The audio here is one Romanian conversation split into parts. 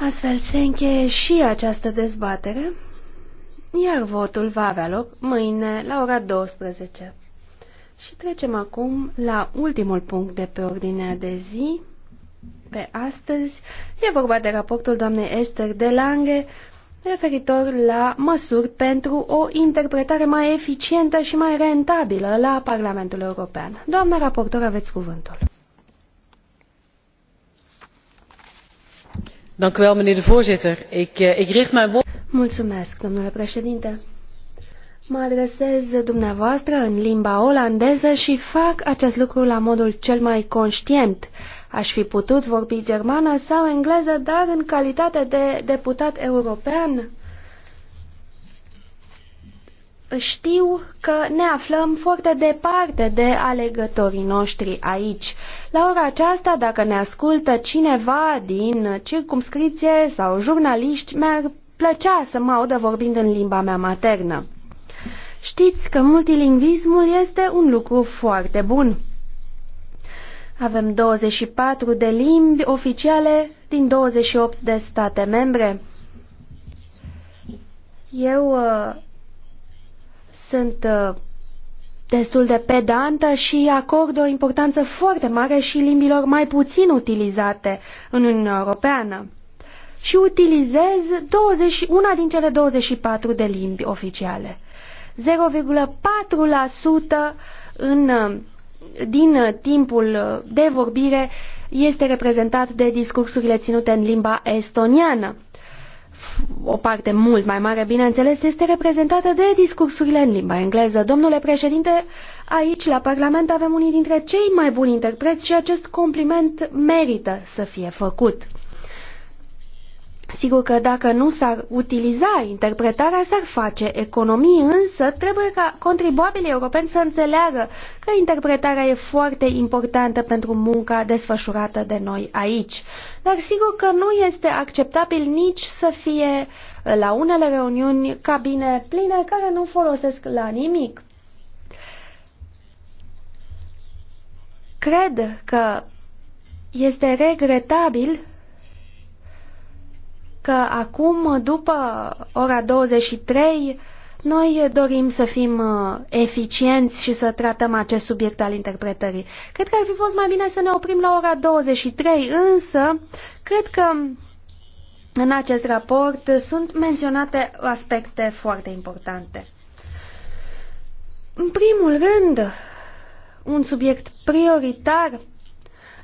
Astfel se încheie și această dezbatere, iar votul va avea loc mâine la ora 12. Și trecem acum la ultimul punct de pe ordinea de zi pe astăzi. E vorba de raportul doamnei Esther de Lange referitor la măsuri pentru o interpretare mai eficientă și mai rentabilă la Parlamentul European. Doamna raportor, aveți cuvântul. Eh, Mulțumesc, domnule președinte. Mă adresez dumneavoastră în limba olandeză și fac acest lucru la modul cel mai conștient. Aș fi putut vorbi germană sau engleză, dar în calitate de deputat european știu că ne aflăm foarte departe de alegătorii noștri aici. La ora aceasta, dacă ne ascultă cineva din circumscripție sau jurnaliști, mi-ar plăcea să mă audă vorbind în limba mea maternă. Știți că multilingvismul este un lucru foarte bun. Avem 24 de limbi oficiale din 28 de state membre. Eu uh, sunt uh, destul de pedantă și acordă o importanță foarte mare și limbilor mai puțin utilizate în Uniunea Europeană. Și utilizez 20, una din cele 24 de limbi oficiale. 0,4% în, uh, din uh, timpul de vorbire este reprezentat de discursurile ținute în limba estoniană o parte mult mai mare, bineînțeles, este reprezentată de discursurile în limba engleză. Domnule președinte, aici, la Parlament, avem unii dintre cei mai buni interpreți și acest compliment merită să fie făcut. Sigur că dacă nu s-ar utiliza interpretarea, s-ar face economii, însă trebuie ca contribuabilii europeni să înțeleagă că interpretarea e foarte importantă pentru munca desfășurată de noi aici. Dar sigur că nu este acceptabil nici să fie la unele reuniuni cabine pline care nu folosesc la nimic. Cred că este regretabil că acum, după ora 23, noi dorim să fim uh, eficienți și să tratăm acest subiect al interpretării. Cred că ar fi fost mai bine să ne oprim la ora 23, însă cred că în acest raport sunt menționate aspecte foarte importante. În primul rând, un subiect prioritar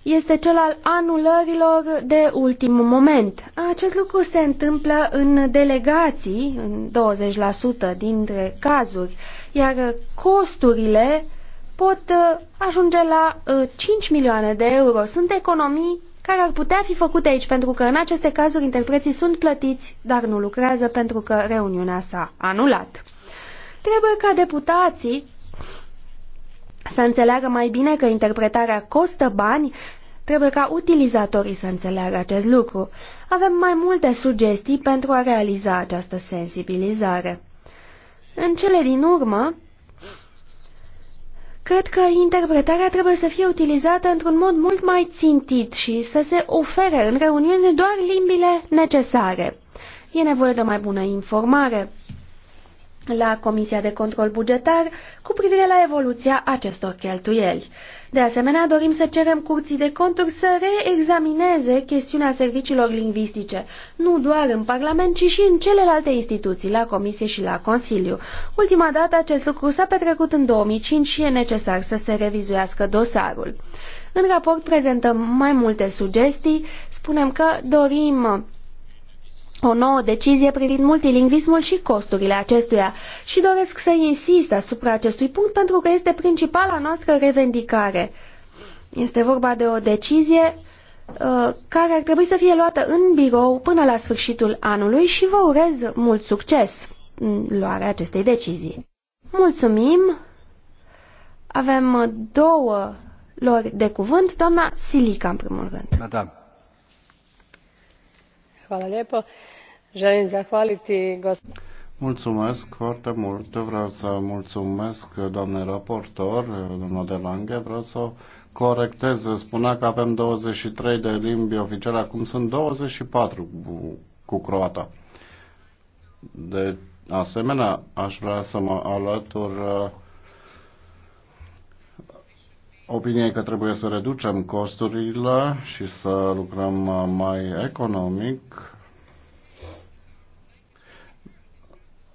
este cel al anulărilor de ultim moment. Acest lucru se întâmplă în delegații, în 20% dintre cazuri, iar costurile pot uh, ajunge la 5 uh, milioane de euro. Sunt economii care ar putea fi făcute aici, pentru că în aceste cazuri interpreții sunt plătiți, dar nu lucrează pentru că reuniunea s-a anulat. Trebuie ca deputații să înțeleagă mai bine că interpretarea costă bani, trebuie ca utilizatorii să înțeleagă acest lucru. Avem mai multe sugestii pentru a realiza această sensibilizare. În cele din urmă, cred că interpretarea trebuie să fie utilizată într-un mod mult mai țintit și să se ofere în reuniune doar limbile necesare. E nevoie de mai bună informare la Comisia de Control Bugetar cu privire la evoluția acestor cheltuieli. De asemenea, dorim să cerem curții de conturi să reexamineze chestiunea serviciilor lingvistice, nu doar în Parlament, ci și în celelalte instituții, la Comisie și la Consiliu. Ultima dată acest lucru s-a petrecut în 2005 și e necesar să se revizuiască dosarul. În raport prezentăm mai multe sugestii, spunem că dorim o nouă decizie privind multilingvismul și costurile acestuia și doresc să insist asupra acestui punct pentru că este principala noastră revendicare. Este vorba de o decizie uh, care ar trebui să fie luată în birou până la sfârșitul anului și vă urez mult succes în luarea acestei decizii. Mulțumim! Avem două lor de cuvânt, doamna Silica în primul rând. Madame. Mulțumesc foarte mult. Vreau să mulțumesc doamnei raportor, doamna de Lange. Vreau să o corectez. Spunea că avem 23 de limbi oficiale, acum sunt 24 cu croata. De asemenea, aș vrea să mă alătur uh, opiniei că trebuie să reducem costurile și să lucrăm mai economic.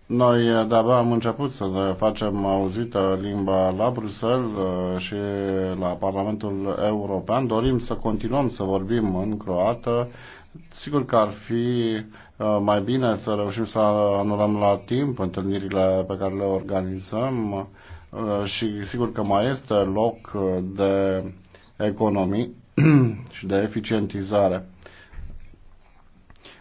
Noi de-abia am început să ne facem auzită limba la Bruxelles uh, și la Parlamentul European. Dorim să continuăm să vorbim în croată, Sigur că ar fi uh, mai bine să reușim să anulăm la timp întâlnirile pe care le organizăm uh, și sigur că mai este loc uh, de economii și de eficientizare.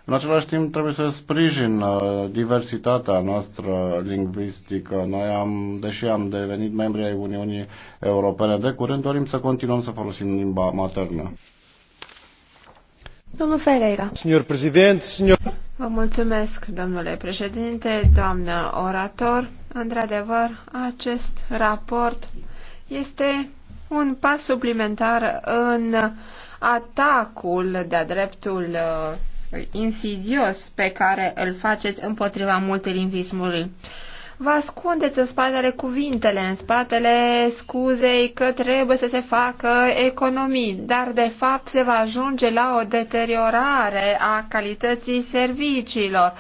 În același timp trebuie să sprijin diversitatea noastră lingvistică. Noi am, deși am devenit membri ai Uniunii Europene de curând, dorim să continuăm să folosim limba maternă. Domnul Ferreira. Signor signor... Vă mulțumesc, domnule președinte, doamnă orator. Într-adevăr, acest raport este un pas suplimentar în atacul de-a dreptul uh, insidios pe care îl faceți împotriva multilingvismului. Vă ascundeți în spatele cuvintele, în spatele scuzei că trebuie să se facă economii, dar de fapt se va ajunge la o deteriorare a calității serviciilor.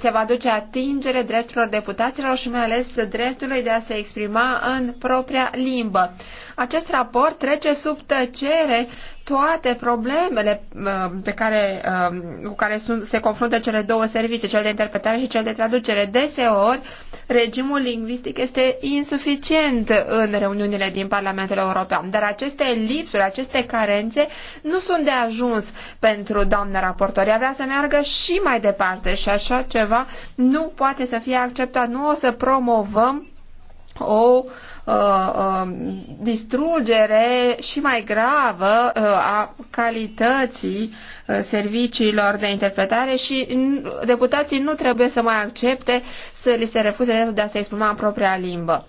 Se va duce atingere drepturilor deputaților și mai ales dreptului de a se exprima în propria limbă. Acest raport trece sub tăcere toate problemele uh, pe care, uh, cu care sunt, se confruntă cele două servicii, cel de interpretare și cel de traducere. Deseori, regimul lingvistic este insuficient în reuniunile din Parlamentul European, dar aceste lipsuri, aceste carențe nu sunt de ajuns pentru doamna raportor. Ea vrea să meargă și mai departe și așa ceva nu poate să fie acceptat. Nu o să promovăm o uh, um, distrugere și mai gravă uh, a calității uh, serviciilor de interpretare și deputații nu trebuie să mai accepte să li se refuze dreptul de a se exprima în propria limbă.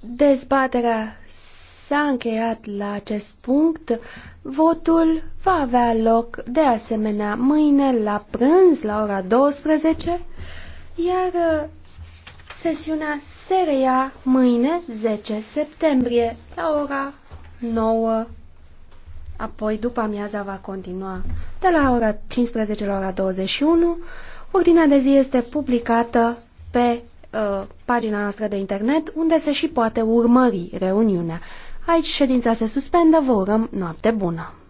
Dezbaterea s-a încheiat la acest punct. Votul va avea loc de asemenea mâine la prânz la ora 12 iar uh, sesiunea se reia mâine, 10 septembrie, la ora 9. Apoi, după amiaza, va continua de la ora 15 la ora 21. Ordinea de zi este publicată pe uh, pagina noastră de internet, unde se și poate urmări reuniunea. Aici ședința se suspendă, vă urăm noapte bună!